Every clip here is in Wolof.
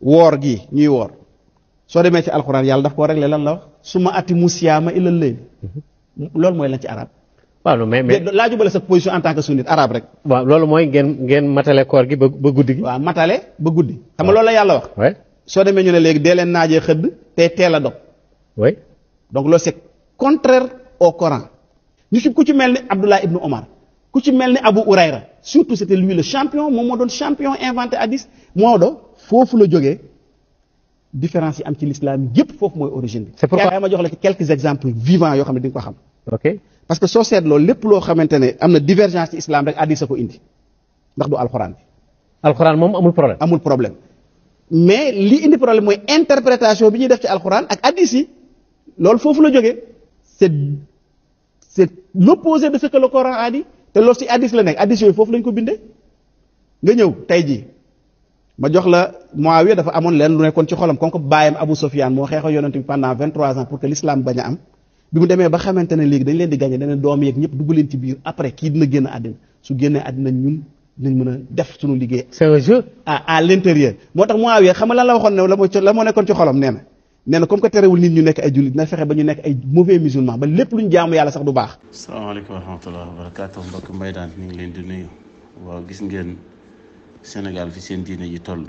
wor gi ñuy wor so demee ci alcorane yalla daf ko réglé lan la wax suma ati musiyama ilal leen lool moy lan ci arab waaw lu mais mais laaju bala sa position en tant que sunnite arab rek waaw lool moy ngeen ngeen matalé koor gi ba guddi gi waaw matalé ba guddi xam nga lool la yalla wax so demee ñu né légui dee leen naajee xëdd té teel a dog oui donc lo c'est contraire au coran ñu ci ku ci melni abdullah ibn omar ku ci melni abu urayra surtout c'était lui le champion moom moo doon champion inventé hadith moo do fofu la jógee différence yi am ci l'islam yëpp foofu mooy origine bi. c'est pourquoi ma jox la ci quelques exemples vivants yoo xam ne di nga ko xam. ok parce que soo seetloo lépp loo xamante ne am na divergence ci islam rek hadiis a ko indi ndax du alxuraan bi. alxuraan moom amul problème. amul problème mais li indi problème mooy interprétation bi ñuy def ci alxuraan ak hadiis yi loolu foofu la jógee c'est c'est l'opposé de ce que le Coran a dit te loolu si hadiis la nekk hadiis yooyu foofu lañ ko bindee nga ñëw tey jii. ma jox la Muawiya dafa amoon leen lu nekkoon ci xolam comme que baayam Abu Sufyan moo xeexoo yonent bi pendant vingt-trois ans pour que l'islam a am bi mu demee ba xamante ne léegi dañ leen di gagné dañ leen a def suñu liggéey. c'est un jeu. à à l'intérieur moo la waxoon ne la moo la nekkoon ci xolam nee na comme que terewul nit ñu nekk ay jullit dina fexe ba ñu nekk ay mauvais musulman ba lépp luñ jaamu yàlla sax du baax. salaamaaleykum wa rahmatulah wa barakaatu mbokk Mbaye Daan ñu leen di nuyu waaw gis ngeen senegal fi seen diine ji toll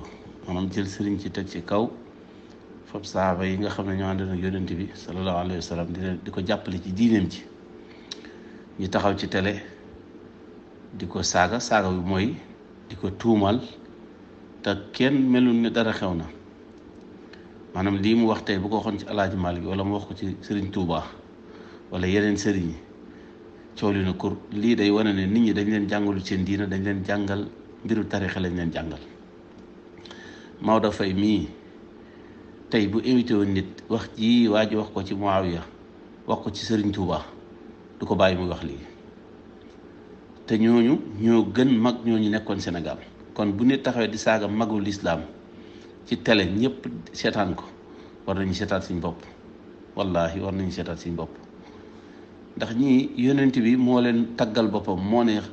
maanaam jël sëriñ ci teg ci kaw fab saaba yi nga xam ne ñoo àndoon ak yonent bi sallallahu alayhi wa sallam di ko jàppale ci diineem ji ñu taxaw ci tele di ko saaga saaga bi mooy di ko tuumal te kenn melul ne dara xew na maanaam lii mu wax tey bu ko waxoon ci alaaji bi wala mu wax ko ci sëriñ Touba wala yeneen sëriñ yi coow li na kur lii day wane ne nit ñi dañ leen jàngalu seen diina dañ leen jàngal mbiru tarixa lañ leen jàngal Maodo Faye mii tey bu invité woon nit wax ji waa ji wax ko ci Muawiya wax ko ci Sëriñ Tuuba du ko bàyyi muy wax lii te ñooñu ñoo gën mag ñooñu nekkoon Sénégal kon bu nit taxawee di saaga magu lislaam ci télé ñëpp seetaan ko war nañu seetaat suñ bopp wallaahi war nañu seetaat suñ bopp ndax ñi yonent bi moo leen taggal boppam moo neex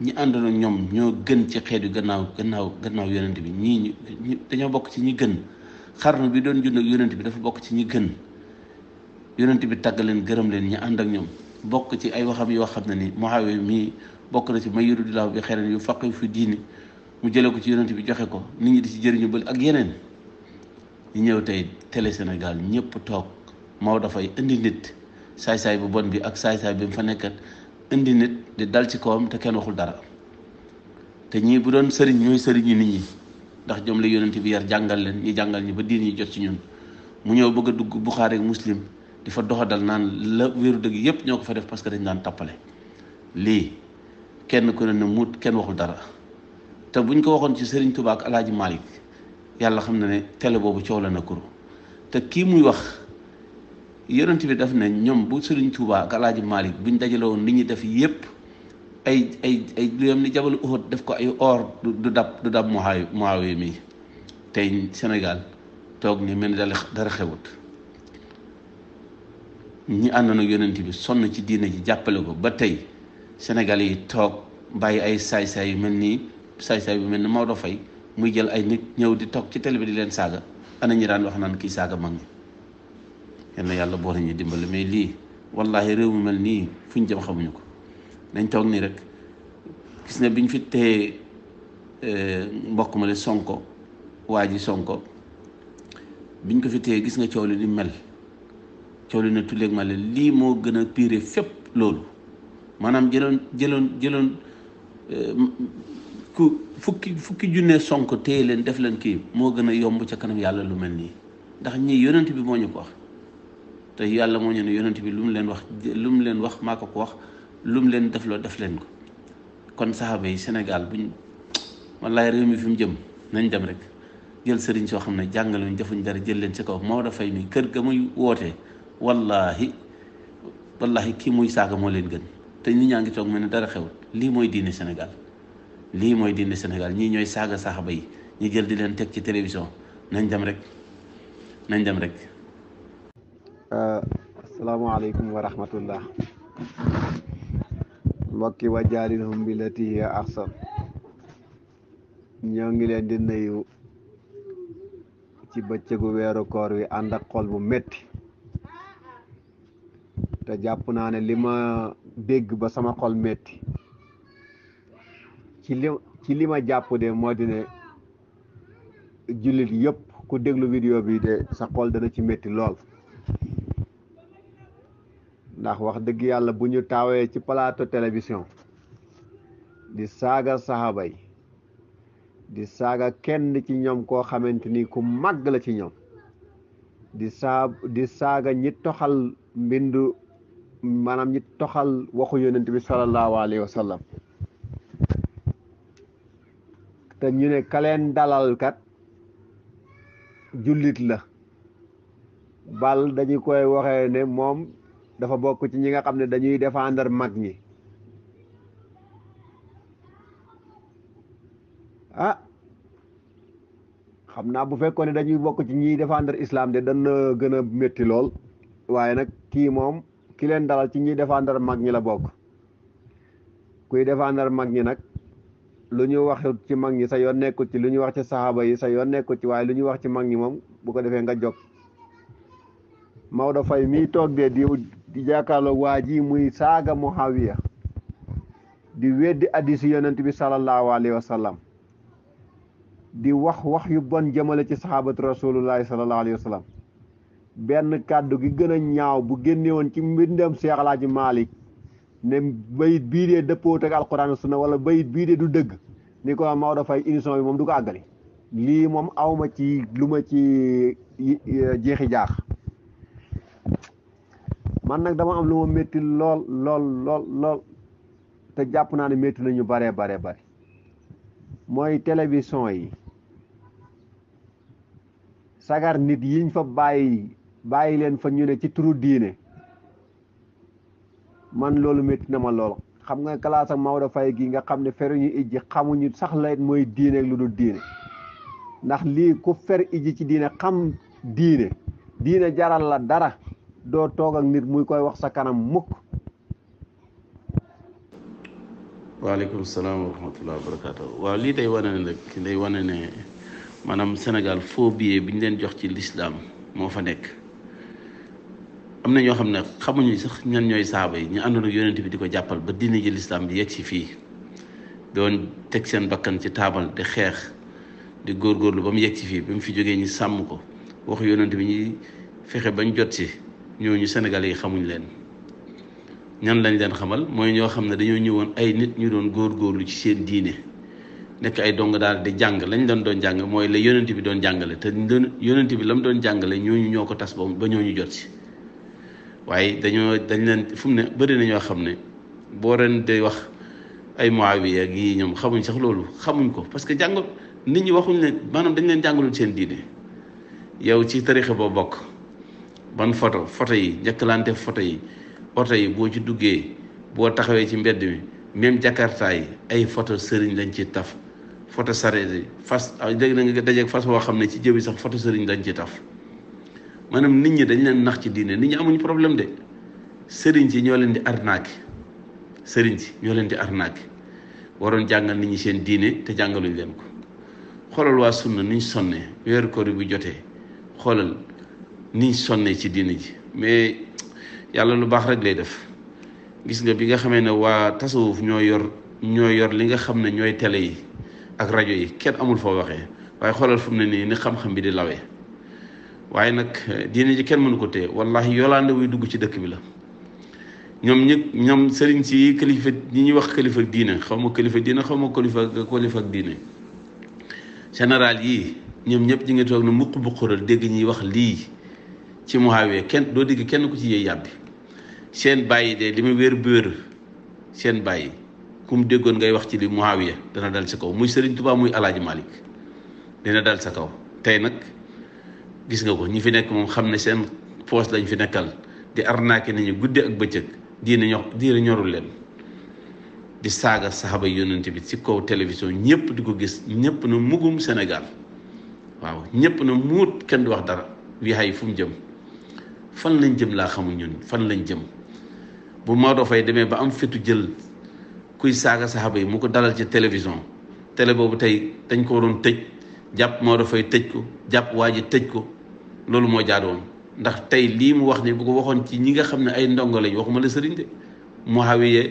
ñi àndoon ñoom ñoo gën ci xeet yu gannaaw gannaaw gannaaw yonent bi ñii ñu dañoo bokk ci ñi gën xarnu bi doon jund ak yonent bi dafa bokk ci ñi gën yonent bi tàgg leen gërëm leen ñi ànd ak ñoom bokk ci ay waxam yoo xam ne ni Muawiya mii bokk na ci may yuridillahu bi xeyran yu faqih fi diini mu jële ko ci yonent bi joxe ko nit ñi di ci jëriñu bël ak yeneen ñi ñëw tey télé Sénégal ñëpp toog Maodo dafay indi nit saay-saay bu bon bi ak saay-saay bi mu fa nekkat indi nit di dal ci kawam te kenn waxul dara te ñii bu doon sëriñ ñooy sëriñu nit ñi ndax ñoom la yonent bi yar jàngal leen ñi jàngal ñi ba diin ñi jot ci ñun mu ñëw bëgg a dugg Buxaari ak Muslim di fa doxa dal naan la wéeru dëgg yépp ñoo ko fa def parce que dañ daan tappale lii kenn ku ne ne muut kenn waxul dara te buñ ko waxoon ci sëriñ tubaak ak Alaaji Maalik yàlla xam na ne télé boobu coow la na kuru te kii muy wax yonent bi daf ne ñoom bu Sëriñ Tuubaa ak Alaaji Maalik buñ dajaloo woon li ñuy def yépp ay ay ay lu yem ni jabalu Uhud def ko ay or du dab du dab Muawiya Muawiya mi tey Sénégal toog ni mel ni dara xewut ñi àndoon ak yonent bi sonn ci diine ji jàppale ko ba tey Sénégal yi toog bàyyi ay saay-saay yu mel nii saay-saay bu mel ni Maodo Faye muy jël ay nit ñëw di toog ci télé bi di leen saaga ana ñi daan wax naan kii saaga mag ñi yalla yàlla bo ñu dimbal mais li wallahi rew mu mel ni fuñ jëm xamuñu ko nañ tok ni rek gis na biñ fi téye mbokk ma le sonko waji sonko biñ ko fi téye gis nga ciowli li ni mel ciowli na tulé ak mal li mo gëna gën a pire fépp loolu maanaam jëlon jëloon jëloon ku fukki fukki junne sonko téye leen def len ki mo gëna yomb ci kanam yàlla lu mel ni ndax ñi yonent bi moñu ko wax te yàlla moo ñu ne yonent bi lu mu leen wax lu mu leen wax maa ko wax lu mu leen loo def leen ko kon saxaaba yi Sénégal buñ wallaay réew mi fi mu jëm nañ dem rek jël sëriñ soo xam ne jàngaluñ defuñ dara jël leen ci kaw moo dafay mi kër ga muy wootee wallaahi wallaahi kii muy saaga moo leen gën te nit ñaa ngi toog mel ne dara xewul lii mooy diine Sénégal lii mooy diine Sénégal ñii ñooy saaga saxaaba yi ñu jël di leen teg ci télévision nañ dem rek nañ dem rek Eh, Assalamualaikum warahmatullah rahmatullah mbokki wa jaadilhum billati hiya ahsan ñoo ngi leen di nuyu ci bëccëgu weeru koor wi ànd ak xol bu metti te jàpp naa ne li ma dégg ba sama xol metti ci li ci li ma jàpp de moo di ne jullit yëpp ku déglu vidéo bi de sa xol dana ci metti lool ndax wax dëgg yàlla bu ñu taawee ci plateau télévision di saaga saxaaba yi di saaga kenn ci ñoom koo xamante ni ku màgg la ci ñoom di saa di saaga ñi toxal mbindu maanaam ñi toxal waxu yonent bi sallallahu alayhi wa te ñu ne kaleen dalalkat jullit la bal dañu koy waxee ne moom dafa bokk ci ñi nga xam ne dañuy défendre mag ñi ah xam naa bu fekkoon ne dañuy bokk ci ñiy défendre islaam de dana gën a métti lool waaye nag kii moom ki leen dalal ci ñiy défendre mag ñi la bokk kuy défendre mag ñi nag lu ñu waxut ci mag ñi sa yoon nekkul ci lu ñu wax ci saxaaba yi sa yoon nekkul ci waaye lu ñu wax ci mag ñi moom bu ko defee nga jóg Maodo Faye mii toog dee di di jàkkaarloo waa ji muy saaga Muawiya di weddi addis yonent bi sallallahu alayhi wa sallam di wax wax yu bon jëmale ci saxaabatu rasulullahi sallallahu alayhi wa benn kàddu gi gën a ñaaw bu génnewoon ci mbindam Seex Alaaji Maalik ne bayit bii dee dëppoot ak alquran sunna wala bayit bii dee du dëgg ni ko Maodo Faye émission bi moom du ko àggali lii moom awma ci lu ma ci jeexi jaax man nag dama am lu ma métti lool lool lool te jàpp naa ne métti nañu baree baree bare mooy télévision yi sagar nit yiñ fa bàyyi bàyyi leen fa ñu ne ci turu diine man loolu métti na ma lool xam nga classe ak Maodo Faye gi nga xam ne feruñu ijji xamuñu sax lay mooy diine lu dul diine ndax lii ku fer ijji ci diine xam diine diine jaral la dara doo toog ak nit muy koy wax sa kanam mukk waaleykum salaam waaw lii dey wane ne rek day wane ne maanaam Sénégal faux billet bi ñu leen jox ci lislaam moo fa nekk am na ñoo xam ne xamuñu sax ñan ñooy saaba yi ñu àndoon ak yonent bi di ko jàppal ba diine ji lislaam bi yegg si fii doon teg seen bakkan ci taabal di xeex di góorgóorlu ba mu yegg si fii ba mu fi jógee ñu sàmm ko wax yonent bi ñuy fexe bañ jot si ñooñu sénégalais yi xamuñ leen ñan lañ leen xamal mooy ñoo xam ne dañoo ñëwoon ay nit ñu doon góorgóorlu ci seen diine nekk ay dong daal di jàng lañ doon doon jàng mooy la yonent bi doon jàngale te yonent bi la mu doon jàngale ñooñu ñoo ko tas ba ba ñooñu jot si waaye dañoo dañ leen fu mu ne bëri na ñoo xam ne boo ren day wax ay Muawiya ak yii ñoom xamuñ sax loolu xamuñ ko parce que jàngal nit ñi waxuñ leen maanaam dañ leen jàngalul seen diine yow ci tarixa boo bokk ban photo photo yi jëkkalante photo yi oto yi boo ci duggee boo taxawee ci mbedd mi même jakarta yi ay photo sëriñ lañ ci taf photo sareet fas léegi ah, na nga dajeeg woo xam ne ci jëbi sax photo sëriñ lañ ci taf maanaam nit ñi dañ leen nax ci diine nit ñi amuñ problème de sëriñ si ñoo leen di arnaque sëriñ si ñoo leen di arnaque waroon jàngal nit ñi seen diine te jàngaluñ leen ko xoolal waa sunna niñ sonne weeru koor bu jotee xoolal niñ sonne ci diine ji mais yàlla lu baax rek lay def gis nga bi nga xamee ne waa tasawuf ñoo yor ñoo yor li nga xam ne ñooy télé yi ak rajo yi kenn amul foo waxee waaye xoolal fu mu ne nii ni xam-xam bi di lawee waaye nag diine ji kenn mënu ko téye wallahi yolande wuy dugg ci dëkk bi la ñoom ñi ñoom sëriñ si kalifa ñi ñuy wax kalifa diine xaw ma kilifa diine xaw ma kalifa kilifa diine général yii ñoom ñëpp ñi nga toog ne bu xural dégg ñuy wax lii ci muhaawiya kenn doo digg kenn ku ci yee yàbbi seen bàyyi de li ma wér bu wér seen bàyyi ku mu déggoon ngay wax ci li muhaawiya dana dal sa kaw muy Serigne Touba muy Alaaji Malik dina dal sa kaw tey nag gis nga ko ñi fi nekk moom xam ne seen poos lañ fi nekkal di arnaqué nañu gudde ak bëccëg diine ño ñorul leen di saaga saxaba yonent bi ci kaw télévision ñëpp di ko gis ñëpp na mugum senegal waaw ñëpp na muut kenn du wax dara wi hay fu mu jëm fan lañ jëm laa xamul ñun fan lañ jëm bu ma Maodo fay demee ba am fetu jël kuy saaga saxaaba yi mu ko dalal ci télévision télé boobu tey dañ ko doon tëj jàpp Maodo fay tëj ko jàpp waa ji tëj ko loolu moo jaadoon ndax tey lii mu wax ni bu ko waxoon ci ñi nga xam ne ay ndongo lañ waxuma la sëriñ de Muawiya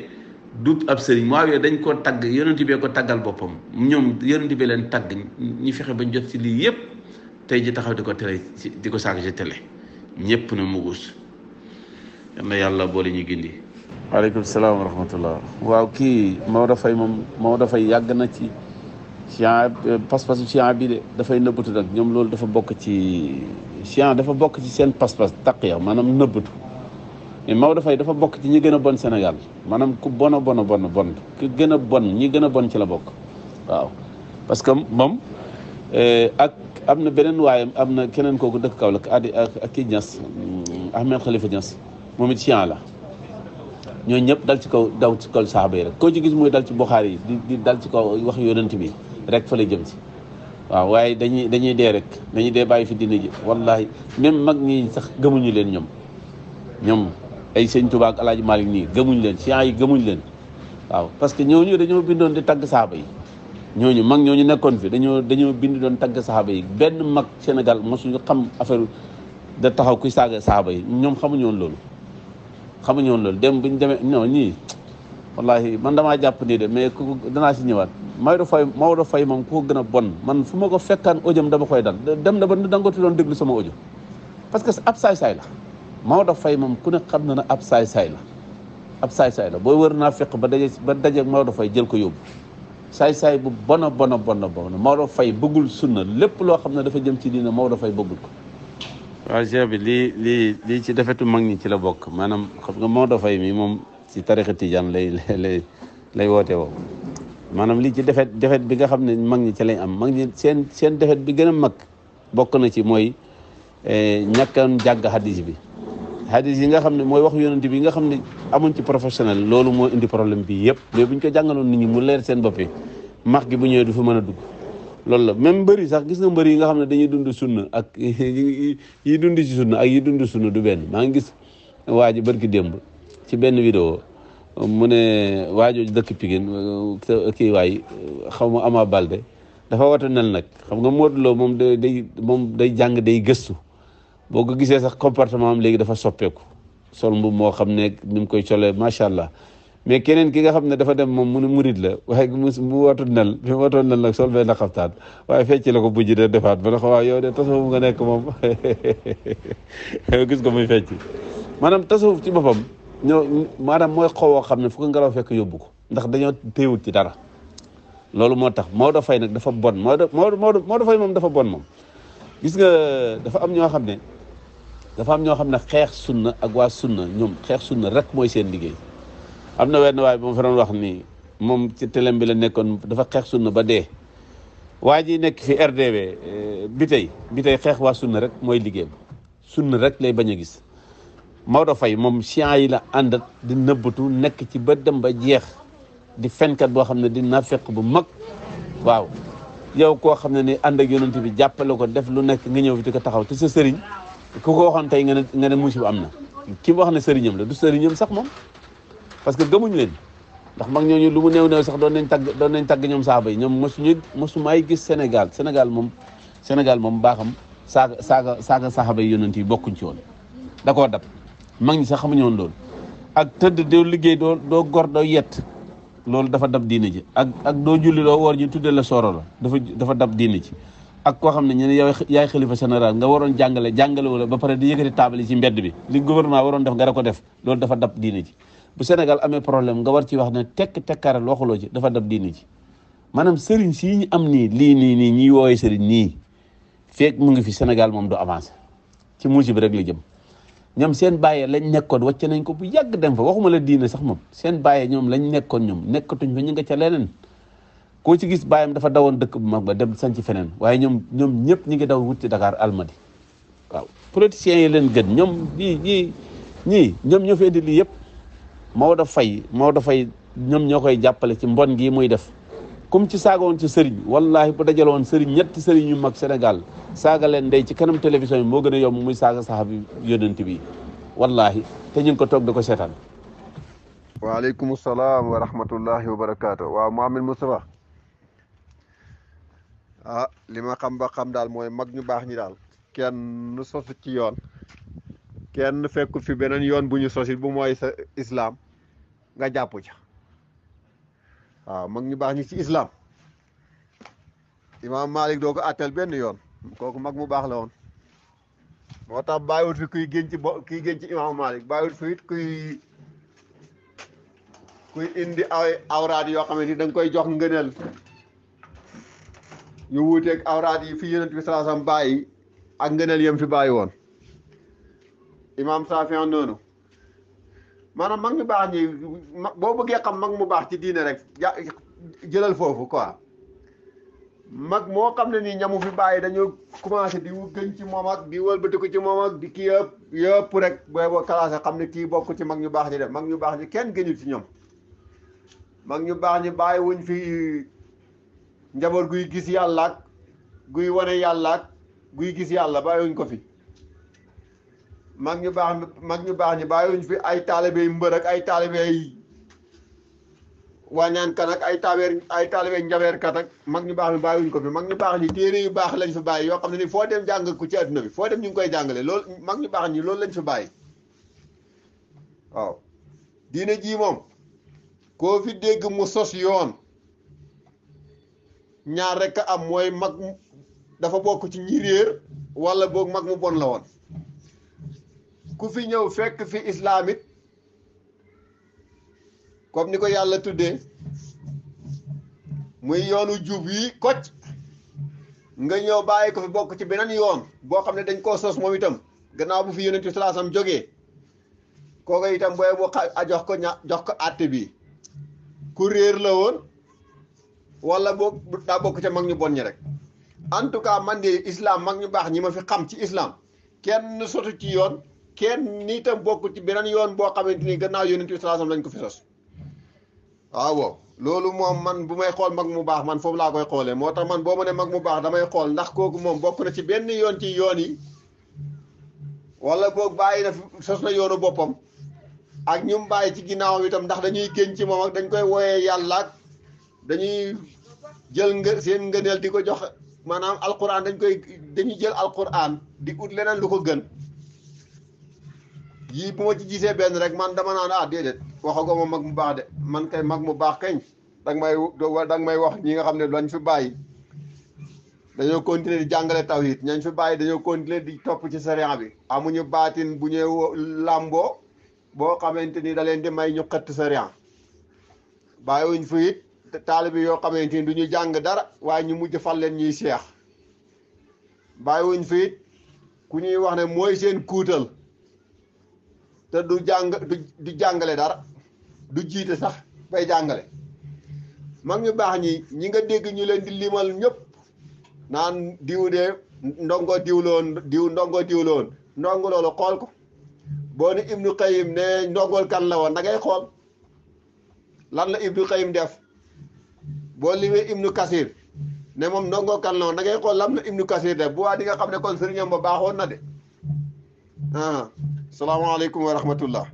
du ab sëriñ Muawiya dañ koo tagg yonent bee ko taggal boppam ñoom yonent bi leen tagg ñi fexe bañ jot ci lii yépp tey ji taxaw di ko di ko saaga ci télé ñépp ne mugus yal na yàlla boole ñu gindi waaleykum salaam wa waaw kii Maodo Faye moom Maodo dafay yàgg na ci chian pas-pasu bi de dafay nëbbatu nag ñoom loolu dafa bokk ci chian dafa bokk ci seen pas-pas taqiya maanaam nëbbatu mais Maodo Faye dafa bokk ci ñi gën a bon Sénégal maanaam ku bon a bon a bon bon ku gën a bon ñi gën a bon ci la bokk waaw parce moom Eh, ak am na beneen waayam am na keneen kooku dëkk kaw addi ak kii Niass mm, Ahmed Khalifa Niass moom it chiant la ñooñu ñëpp dal ci kaw daw ci kaw saaba yi rek koo ci gis muy dal ci Buxaari yi di dal ci kaw wax yonent bi rek fa la jëm si waaw waaye dañuy dañuy dee rek dañuy dee bàyyi fi diina ji wallahi même mag ñi sax gëmuñu leen ñoom ñoom ay sëñ tubaak ak Alaaji Maalik nii gëmuñ leen chiant yi gëmuñ leen waaw parce que ñooñu dañoo bindoon di tagg saaba yi ñooñu mag ñooñu nekkoon fi dañoo dañoo bind doon tagg saxaaba yi benn mag Sénégal mosuñu xam affaire da taxaw kuy saaga saxaaba yi ñoom xamuñu woon loolu. xamuñu woon loolu dem bu ñu demee ñoo nii wallahi man damaa jàpp nii de mais ku danaa si ñëwaat Maodo Faye Maodo Faye moom ku ko gën a bon man fu ma ko fekkaan audiom dama koy dal dem na ba dangootu doon déglu sama audio parce que ab saay-saay la Maodo Faye moom ku ne xam na ne ab saay-saay la ab saay-saay la booy wër naa fekk ba daje ba daje Maodo Faye jël ko yóbbu. saay-saay bu bona bona bona bona Maodo Faye bëggul sunna lépp loo xam ne dafa jëm ci diina Maodo Faye bëggul ko waaw cheikh bi lii lii lii ci defeetu mag ñi ci la bokk maanaam xam nga Maodo Faye mi moom ci tarixa tijaan lay lay woote woo maanaam lii ci defet defet bi nga xam ne mag ñi ci lay am mag ñi seen seen bi gën a mag bokk na ci mooy eh, ñàkkan jàng hadis bi hadis yi nga xam ne mooy wax yonent bi nga xam ne amuñ ci professionnel loolu moo indi problème bi yëpp mais buñ ko jàngaloon nit ñu mu leer seen bopp yi max gi bu ñëwee du fa mën a dugg loolu la même mbëri sax gis na mbëri yi nga xam ne dañuy dund sunna ak yi dund ci sunna ak yi dund sunna du benn maa ngi gis waa ji barki démb ci benn vidéo mu ne waajooju dëkk Pikine kii waay xaw ma Ama Balde dafa wata nel nag xam nga Modou Lo moom da moom day jàng day gëstu boo ko gisee sax comportement am léegi dafa soppeeku sol mbubb moo xam ne ni mu koy colee macha allah mais keneen ki nga xam ne dafa dem moom mu ne murit la waaye mu mu watul nel bi mu watul nel nag sol benn xaftaan waaye ko bujj de defaat ba ne ko waaw yow de tasawuf nga nekk moom gis ko muy fecc maanaam tasawuf ci boppam ñoo maanaam mooy xowoo xam ne fu ngelaw fekk yóbbu ko ndax dañoo téewut ci dara loolu moo tax Maodo Faye nag dafa bon Maodo Maodo Maodo Faye moom dafa bon moom gis nga dafa am ñoo xam ne dafa am ñoo xam ne xeex sunna ak waa sunna ñoom xeex sunna rek mooy seen liggéey am na wenn waaye bu ma fa doon wax nii moom ci telem bi la nekkoon dafa xeex sunna ba dee waa ji nekk fi RDB eh, bi tey bi tey xeex waa sunna rek mooy liggéeyam sunna rek lay bañ a gis Maodo Faye moom chiens yi la àndat di nëbbatu nekk ci ba dem ba jeex di fenkat boo xam ne di nafeq bu mag waaw yow koo xam ne ni ànd ak yonent bi jàppale ko def lu nekk nga ñëw fi di ko taxaw te sa sëriñ ku ko waxoon tey nga ne nga ne am na ki wax ne sëriñam la du sëriñam sax moom parce que gëmuñ leen ndax mag ñooñu lu mu néew néew sax doon nañ tagg doon nañ tagg ñoom saaba yi ñoom mosuñu mosu may gis Sénégal Sénégal moom Sénégal moom baaxam saaga saaga saaga saaba yi yonent yi bokkuñ ci woon da koo dab mag ñi sax xamuñu woon loolu ak tëdd doo liggéey doo doo gor doo yet loolu dafa dab diine ji ak ak doo julli doo woor ji tudde la soro la dafa dafa dab diine ji ak koo xam ne ñu ne yow yaay xalifa général nga waroon jàngale jàngale wala ba pare di yëkkati taabal yi ci mbedd bi li gouvernement waroon def nga da ko def loolu dafa dab diine ji bu Sénégal amee problème nga war ci wax ne tekk tekkaaral waxuloo ci dafa dab diine ji maanaam sëriñ sii ñu am nii lii nii nii ñuy woowee sëriñ nii feeg mu ngi fi Sénégal moom du avancé ci muusi bi rek la jëm ñoom seen bàyyee lañ nekkoon wàcce nañ ko bu yàgg dem fa waxuma la diine sax moom seen bàyyee lañ nekkoon ñoom nekkatuñ fa ñu nga ca leneen koo ci gis baayam dafa dawoon dëkk bu mag ba dem sanc feneen waaye ñoom ñoom ñëpp ñi ngi daw wuti Dakar almadi waaw politiciens yi leen gën ñoom ñii ñii ñii ñoom ñoo fi indi lii yëpp Maodo Faye Maodo Faye ñoom ñoo koy jàppale ci mbon gii muy def comme ci saaga woon ci sëriñ wallahi bu dajale woon sëriñ ñetti sëriñ yu mag Sénégal saaga leen ndey ci kanam télévision yi moo gën a yomb muy saaga saxaabi yonent bi wallahi te ñu ngi ko toog di ko seetaan waaleykum salaam wa rahmatullahi wa barakaatu ah li xam ba xam daal mooy mag ñu baax ñi daal kenn sosu ci yoon kenn fekkul fi beneen yoon bu ñu sosit bu mooy sa islaam nga jàpp ci waaw mag ñu baax ñi ci islaam imaam Malik doo ko benn yoon kooku mag mu baax la woon moo tax bàyyiwul fi kuy gën ci bo kuy Malik bàyyiwul fi it kuy kuy indi ay awraad yoo xamante ni da koy jox ngëneel yu wuuteeg awraat yi fi yonent bi salaasam bàyyi ak ngëneel yem fi bàyyi woon imaam Saafiyan noonu maanaam mag ñu baax ñi boo bëggee xam mag mu baax ci diine rek jëlal foofu quoi mag moo xam ne nii ñamu fi bàyyi dañoo commencé di gën ci moom ak di wëlbatiku ci moom ak di kii yëpp yëpp rek booy boo classé xam ne kii bokku ci mag ñu baax ñi def mag ñu baax ñi kenn gëñul ci ñoom mag ñu baax ñi bàyyi wuñ fi njaboot guy gis yàllaak guy wane yàllaak guy gis yàlla bàyyiwuñ ko fi mag ñu baax mag ñu baax ñi bàyyiwuñ fi ay taalibe mbër ak ay taalibe wàññaan kan ak ay taaweer ay taalibe njabeer kat ak mag ñu baax mi bàyyiwuñ ko fi mag ñu baax ñi téere yu baax lañ fi bàyyi yoo xam ne ni foo dem jàng ko ci adduna bi foo dem ñu ngi koy jàngale loolu mag ñu baax ñi loolu lañ fi bàyyi waaw diine jii moom koo fi dégg mu sos yoon ñaar rek am mooy mag dafa bokk ci ñi réer wala boog mag mu bon la woon ku fi ñëw fekk fi islaamit it ni ko yàlla tuddee muy yoonu jub yi kocc nga ñëw bàyyi ko fi bokk ci beneen yoon boo xam ne dañ koo sos moom itam gannaaw bu fi yonent bi salaasam jógee kooku itam booy bu a jox ko ña jox ko àtte bi ku réer la woon wala boo daa bokk ca mag ñu bon ñi rek en tout cas man de islam mag ñu baax ñi ma fi xam ci islam kenn sotu ci yoon kenn nii tam bokk ci beneen yoon boo xamante ni gannaaw yonent bi sallallahu alayhi lañ ko fi sos waaw loolu moom man bu may xool mag mu baax man foofu laa koy xoolee moo tax man boo ma ne mag mu baax damay xool ndax kooku moom bokk na ci benn yoon ci yoon yi wala boog bàyyi na sos na yoonu boppam ak ñum bàyyi ci ginnaawam itam ndax dañuy génn ci moom dañ koy wooyee yàlla ak dañuy jël ngë seen ngëneel di ko jox maanaam alquran dañ koy dañuy jël alquran di ut leneen lu ko gën yii bu ma ci gisee benn rek man dama naan ah déedéet waxagoo mag mu baax de man kay mag mu baax kañ danga may danga may wax ñi nga xam ne dañ fi bàyyi dañoo continuer di jàngale tawhid ñañ fi bàyyi dañoo continuer di topp ci sariya bi amuñu baatin bu ñuy làmboo boo xamante ni da leen di may ñu xëtt sariya bàyyiwuñ fi it taalibe yoo xamante ni du ñu jàng dara waaye ñu mujj fal leen ñuy seex bàyyiwuñ fi it ku ñuy wax ne mooy seen kuutal te du jàng du jàngale dara du jiite sax bay jàngale mag ñu baax ñi ñi nga dégg ñu leen di limal ñëpp naan diw de ndongo diw loon diw ndongo diw loon ndongo loolu xool ko boo ne Ibnu Qayyim ne ndongool kan la woon na ngay xool lan la Ibnu Qayyim def boo limee ibnu kasir ne moom ndongo kan la woon da lam la ibnu kasir def bu waa di nga xam ne kon sëriñam ba baaxoon na de ah salaamaaleykum wa rahmatullah